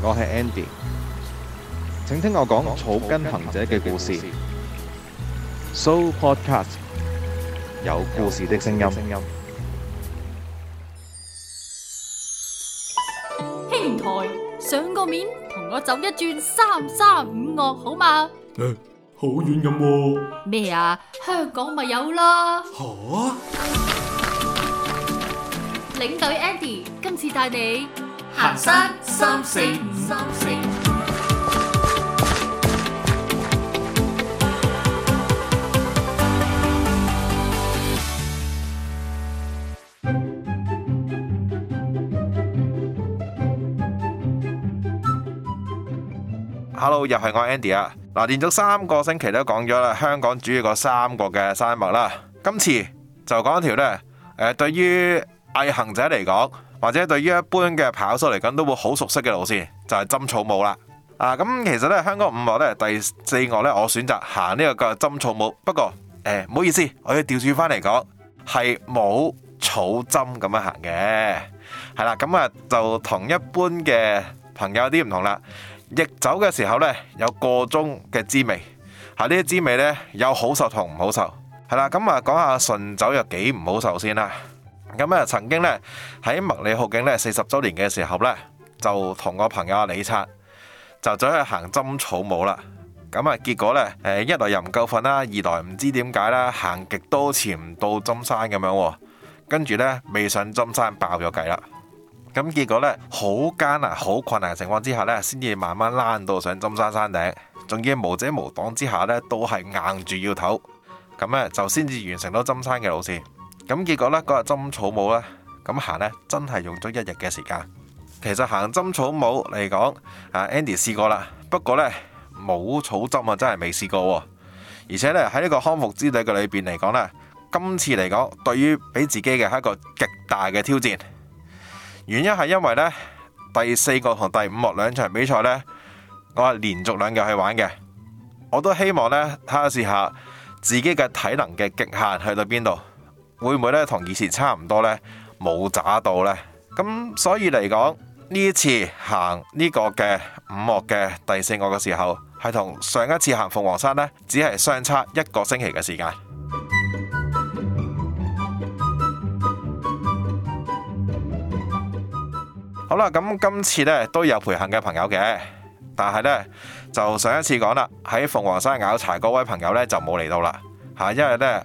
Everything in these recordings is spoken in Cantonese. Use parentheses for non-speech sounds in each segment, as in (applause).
我係 Andy，請聽我講草根行者嘅故事。So podcast 有故事嘅聲音。兄台上個面，同我走一轉三三五岳，好嘛？誒，好遠咁咩啊？香港咪有啦好！領隊 Andy 今次帶你行山三四五。Hello，又係我 Andy 啊！嗱，連續三個星期都講咗啦，香港主要個三個嘅山脈啦，今次就講一條咧，誒，對於毅行者嚟講，或者對於一般嘅跑手嚟講都會好熟悉嘅路線，就係、是、針草帽啦。啊，咁其實咧，香港五岳咧第四岳咧，我選擇行呢個嘅針草帽。不過誒，唔、呃、好意思，我要調轉翻嚟講，係冇草針咁樣行嘅。係啦，咁啊就同一般嘅朋友有啲唔同啦。逆走嘅時候咧，有個鐘嘅滋味。喺呢啲滋味咧，有好受同唔好受。係啦，咁啊講下順走有幾唔好受先啦。咁啊，曾經咧喺麥理浩徑咧四十周年嘅時候呢，就同個朋友阿李策就走去行針草帽啦。咁啊，結果呢，誒一來又唔夠瞓啦，二來唔知點解啦，行極多潛唔到針山咁樣，跟住呢，未上針山爆咗計啦。咁結果呢，好艱難、好困難嘅情況之下呢，先至慢慢攔到上針山山頂，仲要無遮無擋之下呢，都係硬住要唞。咁呢，就先至完成到針山嘅路線。咁結果呢，嗰日針草帽呢，咁行呢，真係用咗一日嘅時間。其實行針草帽嚟講，啊 Andy 試過啦，不過呢，冇草針啊，真係未試過。而且呢，喺呢個康復之旅嘅裏邊嚟講呢，今次嚟講對於俾自己嘅係一個極大嘅挑戰。原因係因為呢，第四個同第五個兩場比賽呢，我係連續兩日去玩嘅。我都希望呢，睇下試下自己嘅體能嘅極限去到邊度。會唔會咧同以前差唔多呢？冇渣到呢？咁所以嚟講呢次行呢個嘅五岳嘅第四岳嘅時候，係同上一次行鳳凰山呢，只係相差一個星期嘅時間。 (music) 好啦，咁今次呢，都有陪行嘅朋友嘅，但係呢，就上一次講啦，喺鳳凰山拗柴嗰位朋友呢，就冇嚟到啦，吓因為呢。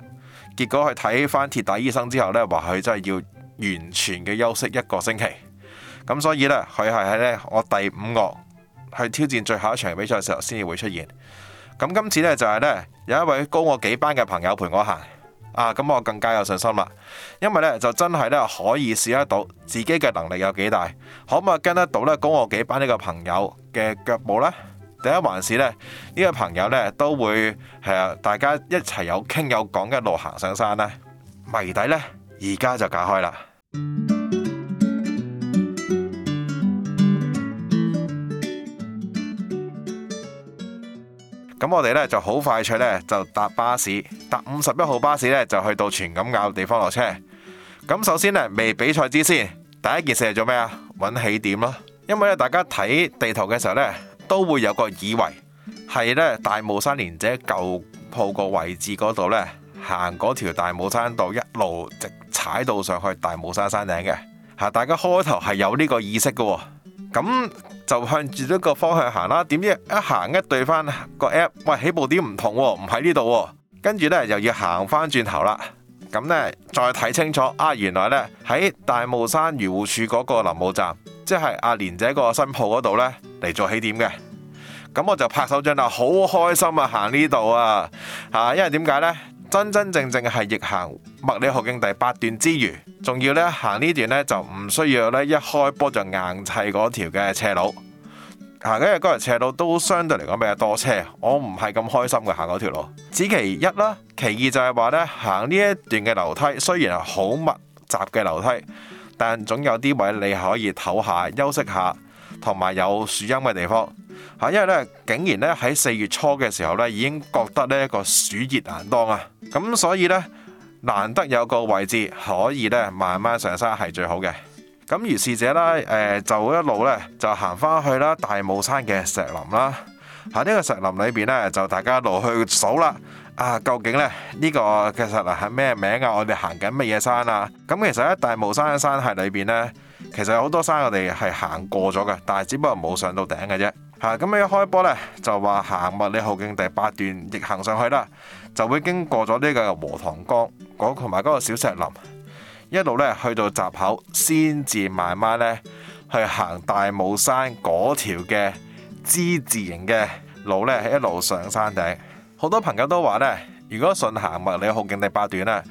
結果去睇翻跌打醫生之後呢，話佢真係要完全嘅休息一個星期。咁所以呢，佢係喺呢我第五個去挑戰最後一場比賽嘅時候先至會出現。咁今次呢，就係呢有一位高我幾班嘅朋友陪我行啊，咁我更加有信心啦。因為呢就真係呢可以試得到自己嘅能力有幾大，可唔可以跟得到呢高我幾班呢個朋友嘅腳步呢？第一環事咧，呢個朋友咧都會係啊，大家一齊有傾有講，一路行上山咧。謎底咧，而家就解開啦。咁 (music) 我哋咧就好快脆咧，就搭巴士，搭五十一號巴士咧，就去到荃錦坳地方落車。咁首先咧，未比賽之先，第一件事係做咩啊？搵起點咯，因為咧，大家睇地圖嘅時候咧。都會有個以為係咧大帽山蓮姐舊鋪個位置嗰度呢，行嗰條大帽山道一路直，直踩到上去大帽山山頂嘅，吓，大家開頭係有呢個意識嘅、哦，咁、嗯、就向住呢個方向行啦。點知一行一對翻個 app，喂，起步點唔同、哦，唔喺、哦、呢度，跟住呢又要行翻轉頭啦。咁、嗯、呢再睇清楚啊，原來呢喺大帽山漁護處嗰個林務站，即係阿蓮姐個新鋪嗰度呢，嚟做起點嘅，咁我就拍手掌啦，好開心啊！行呢度啊，吓、啊，因為點解呢？真真正正係逆行麥理浩徑第八段之餘，仲要呢，行呢段呢，就唔需要呢一開波就硬砌嗰條嘅斜路。行緊嗰條斜路都相對嚟講比較多車，我唔係咁開心嘅行嗰條路。只其一啦，其二就係話呢，行呢一段嘅樓梯，雖然係好密集嘅樓梯，但總有啲位你可以唞下休息下。同埋有樹蔭嘅地方嚇，因為咧竟然咧喺四月初嘅時候咧已經覺得呢一個暑熱難當啊，咁所以咧難得有個位置可以咧慢慢上山係最好嘅。咁於是者啦，誒就一路咧就行翻去啦大霧山嘅石林啦，嚇，呢個石林裏邊咧就大家一路去數啦啊，究竟咧呢個石林係咩名啊？我哋行緊乜嘢山啊？咁其實喺大霧山嘅山系裏邊咧。其實有好多山我哋係行過咗嘅，但係只不過冇上到頂嘅啫。吓，咁啊，一開波呢，就話行物理好徑第八段，逆行上去啦，就會經過咗呢個禾塘崗同埋嗰個小石林，一路呢去到閘口，先至慢慢呢去行大帽山嗰條嘅之字形嘅路呢，係一路上山頂。好多朋友都話呢，如果順行物理好徑第八段呢，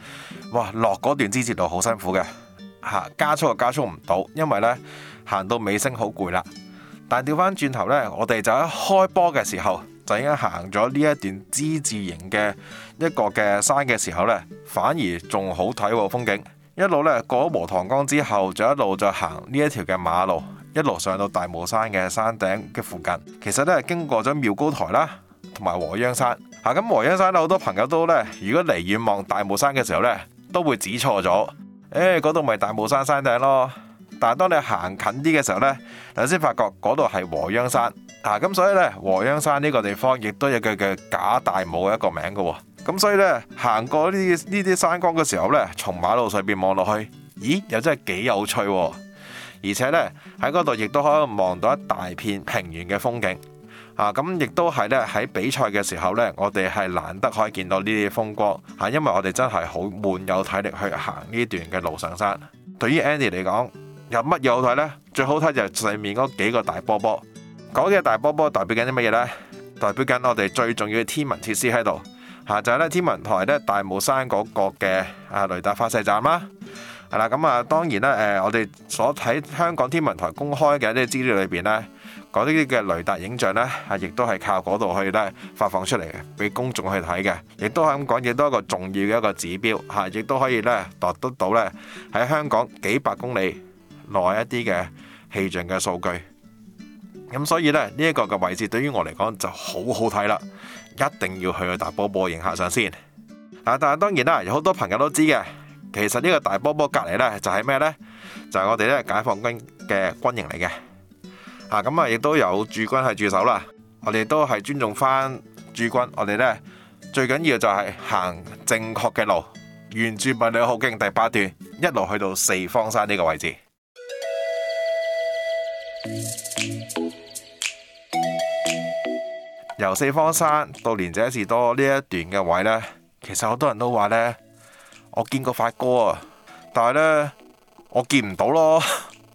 哇，落嗰段之字路好辛苦嘅。吓，加速就加速唔到，因為呢行到尾聲好攰啦。但係調翻轉頭呢，我哋就一開波嘅時候，就已經行咗呢一段之字形嘅一個嘅山嘅時候呢，反而仲好睇、哦、風景。一路呢，過咗磨塘江之後，就一路就行呢一條嘅馬路，一路上到大帽山嘅山頂嘅附近。其實都係經過咗妙高台啦，同埋禾秧山。吓、啊，咁禾秧山呢，好多朋友都呢，如果離遠望大帽山嘅時候呢，都會指錯咗。誒、欸，嗰度咪大帽山山頂咯，但係當你行近啲嘅時候呢，嗱先發覺嗰度係禾秧山咁、啊、所以呢，禾秧山呢個地方亦都有佢叫假大帽嘅一個名喎。咁所以呢，行過呢呢啲山崗嘅時候呢，從馬路上面望落去，咦，又真係幾有趣，而且呢，喺嗰度亦都可以望到一大片平原嘅風景。啊，咁亦都係咧喺比賽嘅時候咧，我哋係難得可以見到呢啲風光嚇、啊，因為我哋真係好滿有體力去行呢段嘅路上山。對於 Andy 嚟講，有乜嘢好睇呢？最好睇就係上面嗰幾個大波波。嗰、那、啲、個、大波波代表緊啲乜嘢呢？代表緊我哋最重要嘅天文設施喺度、啊、就係、是、咧天文台咧大帽山嗰個嘅啊雷達發射站啦。啦、啊，咁啊當然啦、啊，我哋所睇香港天文台公開嘅一啲資料裏面呢。講呢啲嘅雷達影像咧，係亦都係靠嗰度去咧發放出嚟嘅，俾公眾去睇嘅，亦都係咁講，亦都一個重要嘅一個指標，係亦都可以咧獲得到咧喺香港幾百公里內一啲嘅氣象嘅數據。咁所以咧呢一個嘅位置對於我嚟講就好好睇啦，一定要去大波波影下相先。嗱，但係當然啦，有好多朋友都知嘅，其實呢個大波波隔離咧就係咩咧？就係我哋咧解放軍嘅軍營嚟嘅。啊咁啊，亦都有駐軍係駐守啦。我哋都係尊重翻駐軍。我哋咧最緊要就係行正確嘅路，沿住麥理浩徑第八段一路去到四方山呢個位置。由四方山到蓮仔士多呢一段嘅位呢，其實好多人都話呢，我見過發哥啊，但係呢，我見唔到咯。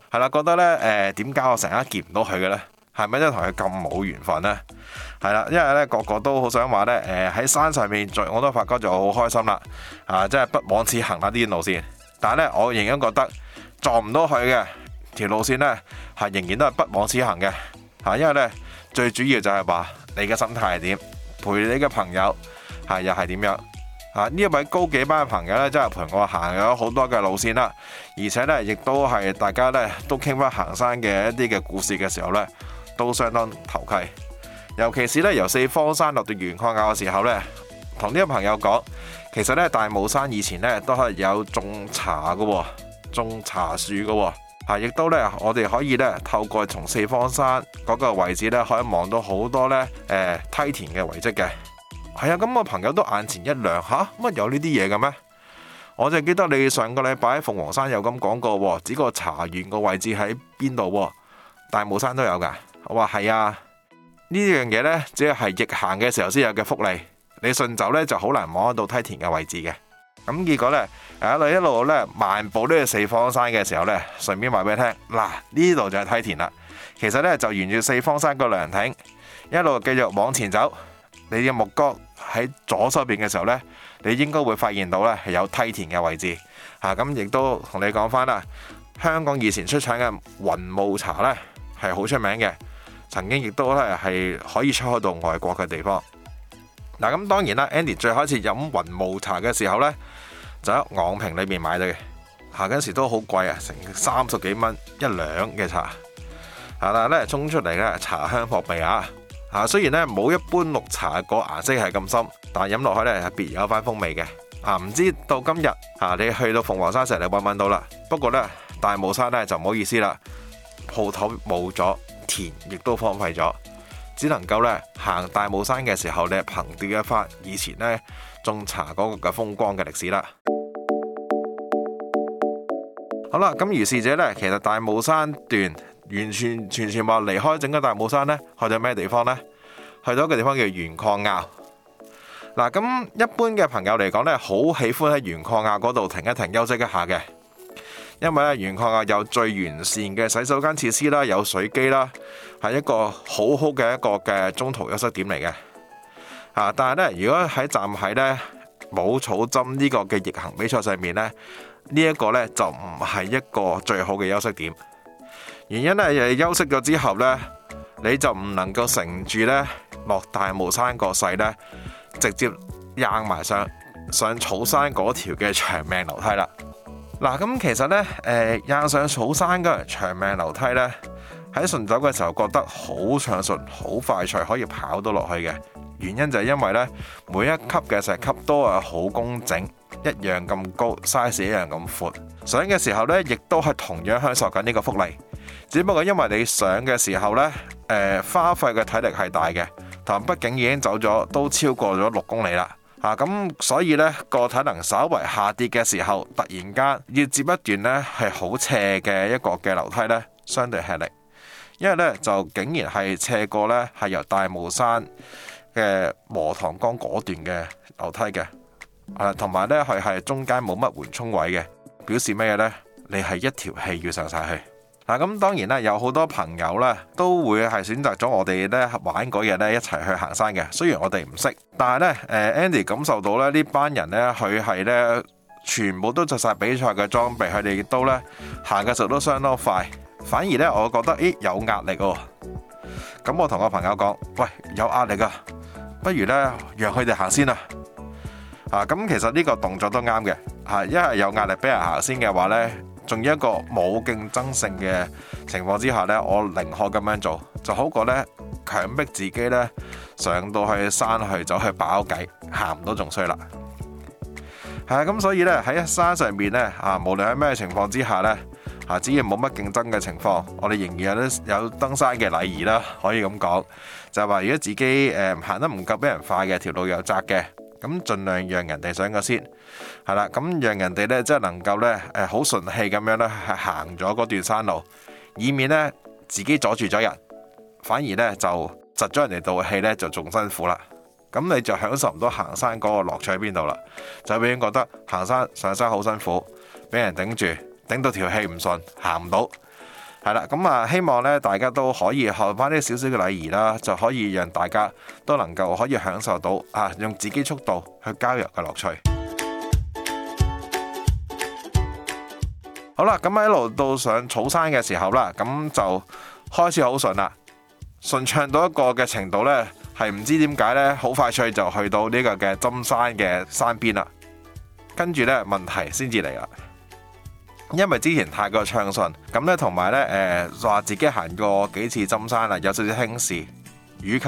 係啦，覺得呢誒，點解我成日見唔到佢嘅呢？係咪真係同佢咁冇緣分呢？係啦，因為呢個個都好想話呢。誒、呃，喺山上面我都發覺就好開心啦。啊，真係不枉此行啊！啲、這個、路線，但係呢我仍然覺得撞唔到佢嘅條路線呢，係仍然都係不枉此行嘅吓、啊。因為呢，最主要就係話你嘅心態係點，陪你嘅朋友係、啊、又係點樣。呢一位高幾班嘅朋友咧，真係陪我行咗好多嘅路線啦，而且咧，亦都係大家咧都傾翻行山嘅一啲嘅故事嘅時候咧，都相當投契。尤其是咧由四方山落到鉛礦坳嘅時候咧，同呢個朋友講，其實咧大帽山以前咧都係有種茶嘅，種茶樹嘅，啊！亦都咧我哋可以咧透過從四方山嗰個位置咧，可以望到好多咧誒、呃、梯田嘅遺跡嘅。係、哎、啊，咁我朋友都眼前一亮吓，乜有呢啲嘢嘅咩？我就記得你上個禮拜喺鳳凰山有咁講過，只個茶園個位置喺邊度？大帽山都有噶，我話係啊，呢樣嘢呢，只係逆行嘅時候先有嘅福利，你順走呢，就好難望到梯田嘅位置嘅。咁結果呢，一路一路咧漫步呢個四方山嘅時候呢，順便話俾你聽嗱，呢度就係梯田啦。其實呢，就沿住四方山個涼亭一路繼續往前走，你嘅目光。喺左手邊嘅時候呢，你應該會發現到呢，係有梯田嘅位置。吓，咁，亦都同你講翻啦，香港以前出產嘅雲霧茶呢，係好出名嘅，曾經亦都係係可以出去到外國嘅地方。嗱咁，當然啦，Andy 最開始飲雲霧茶嘅時候呢，就喺昂坪裏面買到嘅。嗱，嗰陣時都好貴啊，成三十幾蚊一兩嘅茶。吓，但係沖出嚟呢，茶香撲鼻啊！啊，雖然咧冇一般綠茶個顏色係咁深，但飲落去咧係別有一番風味嘅。啊，唔知道到今日啊，你去到鳳凰山石你揾唔揾到啦。不過咧，大霧山咧就唔好意思啦，鋪頭冇咗，田亦都荒廢咗，只能夠咧行大霧山嘅時候，你憑吊一番以前咧種茶嗰個嘅風光嘅歷史啦。好啦，咁如是者咧，其實大霧山段。完全全全部離開整個大帽山呢，去到咩地方呢？去到一個地方叫鉛礦坳。嗱，咁一般嘅朋友嚟講呢，好喜歡喺鉛礦坳嗰度停一停休息一下嘅，因為咧鉛礦坳有最完善嘅洗手間設施啦，有水機啦，係一個好好嘅一個嘅中途休息點嚟嘅。啊，但係呢，如果喺站喺呢冇草針呢個嘅逆行比賽上面呢，呢、這、一個呢就唔係一個最好嘅休息點。原因咧，休息咗之後呢，你就唔能夠乘住咧，落大霧山個勢呢，直接硬埋上上草山嗰條嘅長命樓梯啦。嗱，咁其實呢，誒硬上草山嗰條長命樓梯呢，喺順走嘅時候覺得好暢順，好快脆可以跑到落去嘅原因就係因為呢，每一級嘅石級都係好工整。一樣咁高，size 一樣咁闊。上嘅時候呢，亦都係同樣享受緊呢個福利，只不過因為你上嘅時候呢，呃、花費嘅體力係大嘅。但畢竟已經走咗都超過咗六公里啦，咁、啊、所以呢，個體能稍為下跌嘅時候，突然間要接一段呢，係好斜嘅一個嘅樓梯呢，相對吃力，因為呢，就竟然係斜過呢，係由大霧山嘅磨塘江嗰段嘅樓梯嘅。同埋呢，佢係中間冇乜緩衝位嘅，表示咩呢？你係一條氣要上晒去。嗱、啊，咁當然啦，有好多朋友呢，都會係選擇咗我哋呢玩嗰日呢一齊去行山嘅。雖然我哋唔識，但係呢誒 Andy 感受到咧呢呢班人呢，佢係呢全部都着晒比賽嘅裝備，佢哋都呢行嘅速度都相當快。反而呢，我覺得咦、哎，有壓力哦。咁我同個朋友講：「喂，有壓力啊，不如呢，讓佢哋行先啦、啊。啊，咁其實呢個動作都啱嘅，吓，一係有壓力俾人行先嘅話呢，仲要一個冇競爭性嘅情況之下呢，我寧可咁樣做，就好過呢強迫自己呢上到去山去走去把爆計，行唔到仲衰啦。係、啊、咁所以呢，喺山上邊呢，啊，無論喺咩情況之下呢，啊，只要冇乜競爭嘅情況，我哋仍然有啲有登山嘅禮儀啦，可以咁講，就係話如果自己誒、嗯、行得唔夠俾人快嘅，條路又窄嘅。咁盡量讓人哋上個先，係啦，咁讓人哋咧即係能夠咧誒，好順氣咁樣咧係行咗嗰段山路，以免咧自己阻住咗人，反而咧就窒咗人哋道氣咧就仲辛苦啦。咁你就享受唔到行山嗰個樂趣喺邊度啦，就永遠覺得行山上山好辛苦，俾人頂住，頂到條氣唔順，行唔到。係啦，咁啊，希望咧大家都可以學翻啲少少嘅禮儀啦，就可以讓大家都能夠可以享受到啊，用自己速度去郊遊嘅樂趣。 (music) 好啦，咁啊一路到上草山嘅時候啦，咁就開始好順啦，順暢到一個嘅程度呢，係唔知點解呢，好快脆就去到呢個嘅針山嘅山邊啦。跟住呢，問題先至嚟啦。因為之前太過暢順，咁咧同埋咧誒話自己行過幾次針山啦，有少少輕視，以及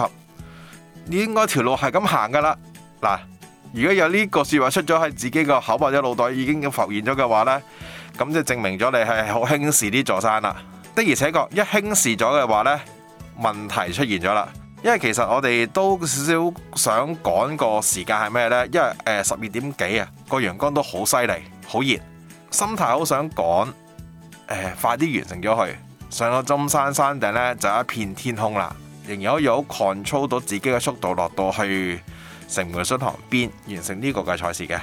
應該條路係咁行噶啦。嗱，如果有呢個説話出咗喺自己個口或者腦袋已經咁浮現咗嘅話咧，咁就證明咗你係好輕視呢座山啦。的而且確，一輕視咗嘅話咧，問題出現咗啦。因為其實我哋都少少想趕個時間係咩咧？因為誒十二點幾啊，個陽光都好犀利，好熱。心態好想趕，快啲完成咗去上到針山山頂咧，就一片天空啦，仍然可以好 control 到自己嘅速度，落到去城門水塘邊，完成呢個嘅賽事嘅。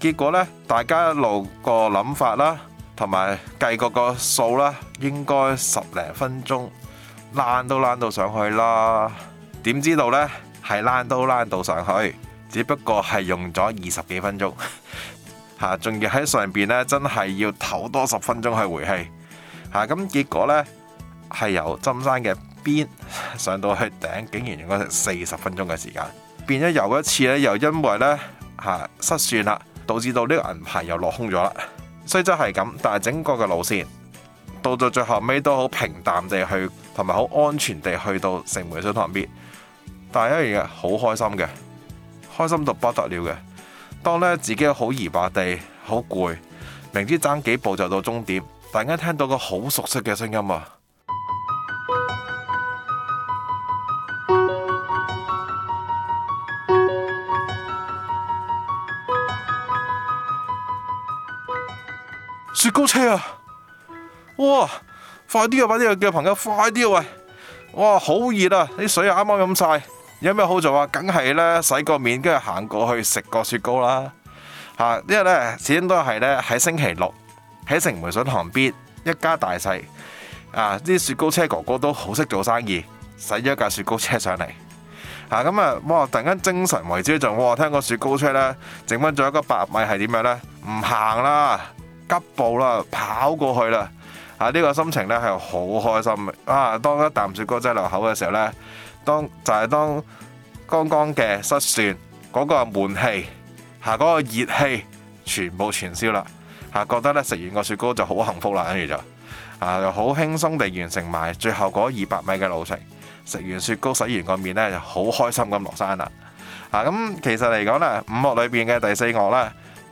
結果呢，大家一路個諗法啦，同埋計個個數啦，應該十零分鐘爛都爛到上去啦。點知道呢？係爛都爛到上去，只不過係用咗二十幾分鐘。啊！仲要喺上邊咧，真係要唞多十分鐘去回氣。吓，咁結果呢，係由針山嘅邊上到去頂，竟然用咗四十分鐘嘅時間。變咗又一次咧，又因為咧吓失算啦，導致到呢個銀牌又落空咗啦。雖則係咁，但係整個嘅路線到到最後尾都好平淡地去，同埋好安全地去到城門水塘邊。但係一樣嘢，好開心嘅，開心到不得了嘅。當咧自己好疲乏地、好攰，明知爭幾步就到終點，突然間聽到個好熟悉嘅聲音啊！雪糕車啊！哇！快啲啊！快啲啊！叫朋友快啲啊！喂！哇！好熱啊！啲水啊啱啱飲晒。有咩好做啊？梗係咧，洗個面，跟住行過去食個雪糕啦。吓，因為咧始終都係咧喺星期六喺城門水塘旁邊，一家大細。啊，啲雪糕車哥哥都好識做生意，使咗一架雪糕車上嚟。吓、啊，咁、嗯、啊，哇！突然間精神為之一振。哇，聽個雪糕車咧整翻咗一個百米係點樣咧？唔行啦，急步啦，跑過去啦。啊，呢、這個心情咧係好開心啊！當一啖雪糕仔落口嘅時候咧～當就係、是，當剛剛嘅失算，嗰、那個悶氣，吓、那、嗰個熱氣，全部全消啦。吓覺得咧食完個雪糕就好幸福啦，跟住就啊又好輕鬆地完成埋最後嗰二百米嘅路程。食完雪糕，洗完個面咧就好開心咁落山啦。啊咁，其實嚟講咧，五樂裏邊嘅第四樂咧，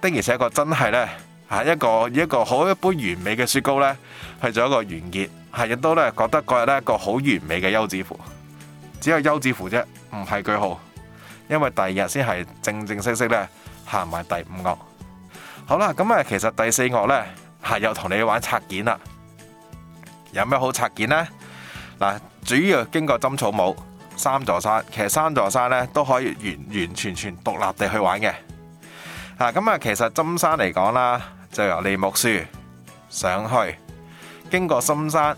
的而且確真係咧吓一個真的一個好一,一般完美嘅雪糕咧，去做一個完結，係亦都咧覺得嗰日咧一個好完美嘅休止符。只有休止符啫，唔係句號，因為第二日先係正正式式咧行埋第五樂。好啦，咁啊，其實第四樂呢，係又同你玩拆件啦。有咩好拆件呢？嗱，主要經過針草帽三座山，其實三座山呢都可以完完全全獨立地去玩嘅。啊，咁啊，其實針山嚟講啦，就由梨木樹上去，經過深山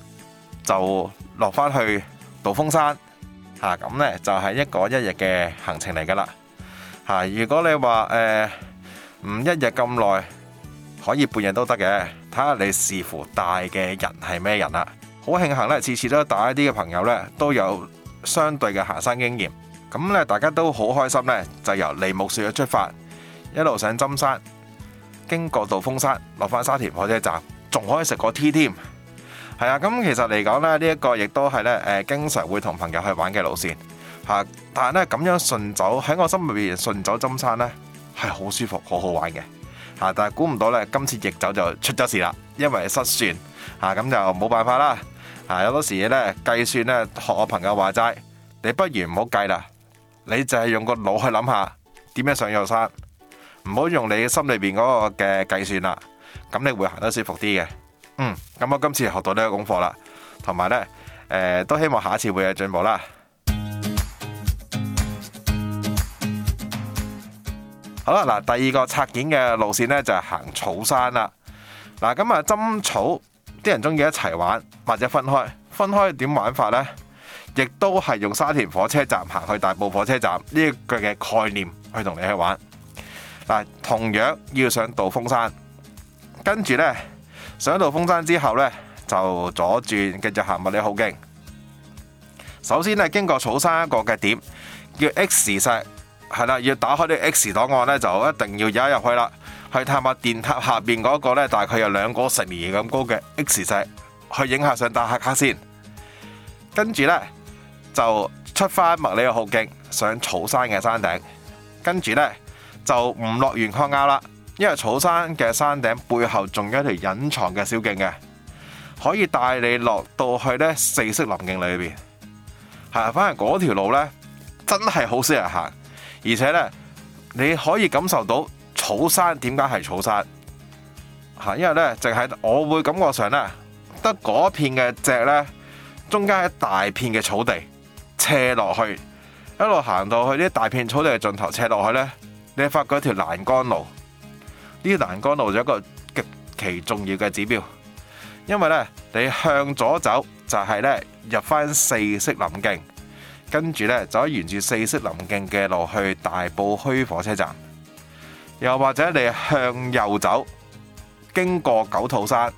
就落返去杜峰山。啊，咁呢就係一個一日嘅行程嚟噶啦。吓、啊，如果你話誒唔一日咁耐，可以半日都得嘅，睇下你視乎帶嘅人係咩人啦、啊。好慶幸呢，次次都帶一啲嘅朋友呢都有相對嘅行山經驗。咁、啊、呢，大家都好開心呢，就由梨木樹嘅出發，一路上針山，經過道風山，落返沙田火車站，仲可以食個 tea 添。係啊，咁其實嚟講咧，呢一個亦都係咧，誒，經常會同朋友去玩嘅路線吓。但係咧，咁樣順走喺我心裏邊，順走針山咧係好舒服，好好玩嘅。吓，但係估唔到咧，今次逆走就出咗事啦，因為失算吓，咁就冇辦法啦。吓，有好多時嘢咧計算咧，學我朋友話齋，你不如唔好計啦，你就係用個腦去諗下點樣上藥山，唔好用你心裏邊嗰個嘅計算啦。咁你會行得舒服啲嘅。嗯，咁我今次就學到呢個功課啦，同埋呢，誒，都希望下一次會有進步啦，嗯。好啦，嗱，第二個拆件嘅路線呢，就係、是、行草山啦。嗱，咁啊，針草啲人中意一齊玩，或者分開，分開點玩法呢？亦都係用沙田火車站行去大埔火車站呢，呢個嘅概念去同你去玩。嗱，同樣要上道風山，跟住呢，上到峰山之後呢，就左轉，繼續行。麥理浩徑。首先咧，經過草山一個嘅點，叫 X 石，係啦，要打開啲 X 檔案呢，就一定要入去啦。去探下電塔下邊嗰、那個呢，大概有兩個十年咁高嘅 X 石，去影上上下相，打下卡先。跟住呢，就出返麥理浩嘅徑，上草山嘅山頂。跟住呢，就唔落鉛礦坳啦。因為草山嘅山頂背後仲有一條隱藏嘅小徑嘅，可以帶你落到去呢四色林徑裏邊。吓，反而嗰條路呢，真係好少人行，而且呢，你可以感受到草山點解係草山吓，因為呢，淨係我會感覺上呢，得嗰片嘅只呢，中間一大片嘅草地斜落去，一路行到去呢大片草地嘅盡頭斜落去呢，你發覺一條欄杆路。呢條蘭江路有一個極其重要嘅指標，因為咧你向左走就係咧入返四色林徑，跟住咧就可沿住四色林徑嘅路去大埔墟火車站；又或者你向右走，經過九肚山，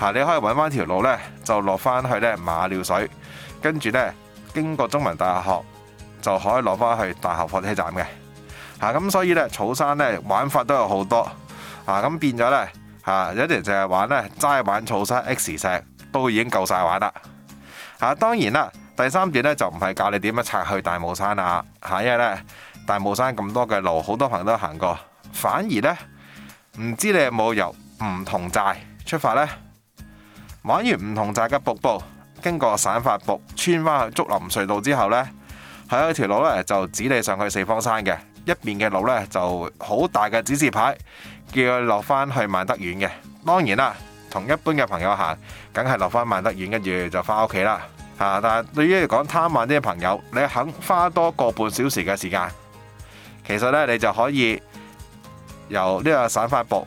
嚇你可以揾翻條路呢就落返去咧馬尿水，跟住呢，經過中文大學就可以落返去大學火車站嘅。嚇、啊、咁，所以咧，草山咧玩法都有好多啊。咁變咗呢，嚇、啊，有啲人就係玩呢，齋玩草山 X 石都已經夠晒玩啦嚇、啊。當然啦，第三段呢，就唔係教你點樣拆去大帽山啦嚇、啊，因為呢，大帽山咁多嘅路，好多朋友都行過，反而呢，唔知你有冇由梧桐寨出發呢？玩完梧桐寨嘅瀑布，經過散發瀑，穿返去竹林隧道之後呢，喺、啊、條路呢，就指你上去四方山嘅。一邊嘅路呢，就好大嘅指示牌叫你落返去萬德苑嘅。當然啦，同一般嘅朋友行，梗係落返萬德苑，跟住就返屋企啦。嚇！但係對於嚟講貪玩啲嘅朋友，你肯花多個半小時嘅時間，其實呢，你就可以由呢個省發步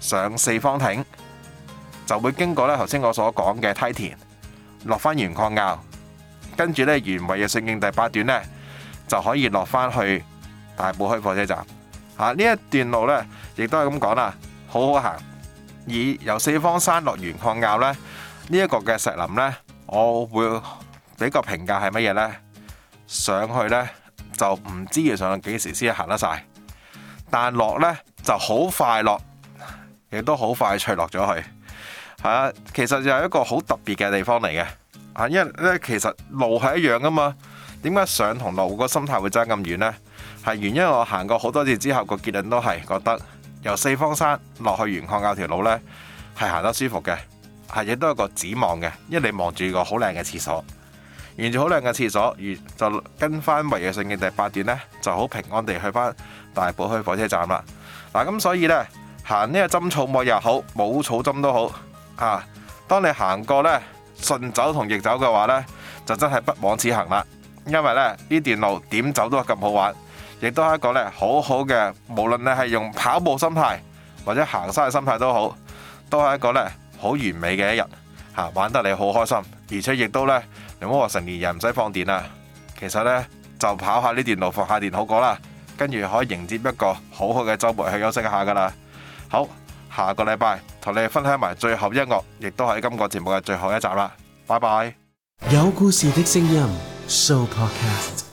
上四方亭，就會經過呢頭先我所講嘅梯田，落返鉛礦坳，跟住呢原位嘅聖經第八段呢就可以落返去大埔墟火車站嚇呢一段路呢，亦都係咁講啦，好好行。而由四方山落鉛礦坳呢，呢、呢、一個嘅石林呢，我會俾個評價係乜嘢呢？上去呢，就唔知要上到幾時先行得晒，但落呢，就好快落，亦都好快脆落咗去嚇。其實就係一個好特別嘅地方嚟嘅啊，因為呢，其實路係一樣噶嘛，點解上同落個心態會爭咁遠呢？係原因，我行過好多次之後，個結論都係覺得由四方山落去鉛礦坳嗰條路呢係行得舒服嘅，係亦都有個展望嘅，因為你望住個好靚嘅廁所，沿住好靚嘅廁所，沿就跟返衛奕信徑第八段呢，就好平安地去返大埔墟火車站啦。嗱，咁所以呢，行呢個針草木又好，冇草針都好啊。當你行過呢順走同逆走嘅話呢，就真係不枉此行啦，因為咧呢段路點走都係咁好玩。亦都係一個咧好好嘅，無論你係用跑步心態或者行山嘅心態都好，都係一個咧好完美嘅一日，吓玩得你好開心，而且亦都咧你唔好話成年人唔使放電啦，其實咧就跑下呢段路，放下電好過啦，跟住可以迎接一個好好嘅週末去休息一下噶啦。好，下個禮拜同你哋分享埋最後一個，亦都係今個節目嘅最後一集啦。拜拜。有故事的聲音 Show Podcast。